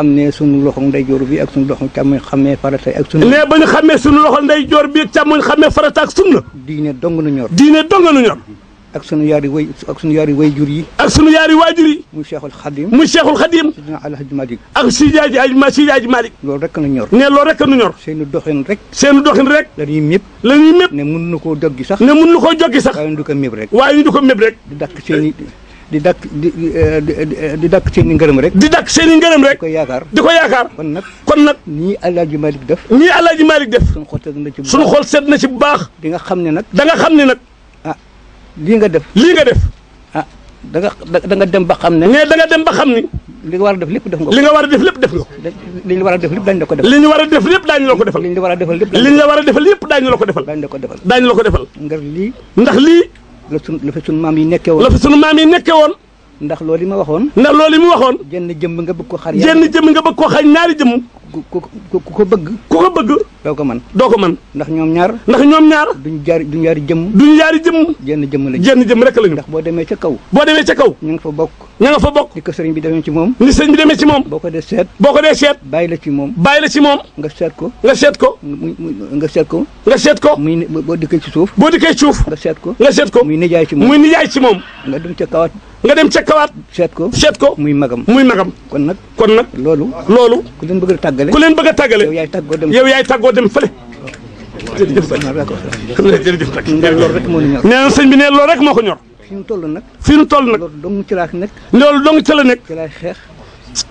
am ne sunu loxo ndeyjoor bi ak sunu loxo càmmoñ xamee farata ak sunna. mais ba ñu xamee sunu loxo ndeyjoor bi ak càmmoñ xamee farata ak sunna. diine dong nu ñor. diine dong nu ñor. ak sunu yaari way ak sunu yaari wayjur yi. ak sunu yaari waajur yi. muy Cheikhul Khadim. muy Cheikhul Khadim. Sidina Alhaji Malick. ak Sidaaji Ajma Sidaaji Malick. loolu rek nu ñor. ne loolu rek nu ñor. seenu doxin rek. seenu doxin rek. la ñuy mépp. la ñuy mépp. ne mun na koo joggi sax. ne mun na koo joggi sax. waaye ñu du ko mépp rek. waaye ñu du ko mépp rek. di dàq seeni di dakk di di eh, eh, dakk seen i ngërëm rek. di dakk seen i ngërëm rek. di ko yaakaar di ko yaakaar. kon nag kon nag. nii El Hadj Malick def. nii El Hadj Malick def. suñu xol seet na ci bu baax suñu xol seet na ci bu baax. di nga xam ne nag. da nga xam ne nag. ah lii nga def. lii nga def. ah da nga da nga dem ba xam ne. mais da nga dem ba xam ni. li nga war a def lépp def nga ko. li nga war a def lépp def nga ko. li ñu war a def lépp daañu la ko defal. li ñu war a def lépp daañu la ko defal. li ñu war a defal lépp daañu la ko defal. li ñu la war a defal lépp daañu la ko defal. daañu la ko defal. ndax lii la sun la fa sunu maam yi nekkee woon la fa sunu maam yi nekkee woon ndax loolu ma waxoon ndax loolu mu waxoon jenn jëm nga bëgg ko xar jëm jëmm nga bëgg ko xar ñaari jëmm ku ku ko bëgg ku ko bëgg doo ko man doo ko man ndax ñoom ñaar ndax ñoom ñaar duñ jaar duñ yaari jëmm duñ yaari jëm jenn jëmm lañ jenn jëmm rek lañu ndax boo demee ca kaw boo demee ca kaw ñu ngi fa bokk ña nga fa bokk ni ko sëriñ bi demee ci moom ni sëriñ bi demee ci moom boo ko dee seet boo ko dee seet bàyyi la ci moom bàyyi la ci moom nga seet ko nga seet ko nga seet ko nga seet ko muy boo dikkee ci suuf boo dikkee ci suuf nga seet ko nga seet ko muy nijaay ci moom muy nijaay ci moom nga dem ca kawaat nga dem ca kawaat seet ko seet ko muy magam muy magam kon nag kon nag loolu loolu ku leen bëgg a tàggale ku leen bëgg a tàggale yow yaay tàggoo dem yow yaay tàggoo dem fële jërëjëf jërëjëf nee na sëñ bi ne loolu rek moo ko ñor fi ñu toll nag. fi ñu toll nag loolu dong ci laa nekk. loolu dong ci la nekk. ci lay xeex.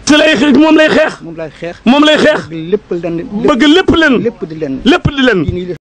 ci lay moom lay xeex. moom lay xeex. moom lay xeex. bëgg lépp lenn. bëgg lépp lenn. lépp di lenn. lépp di lenn.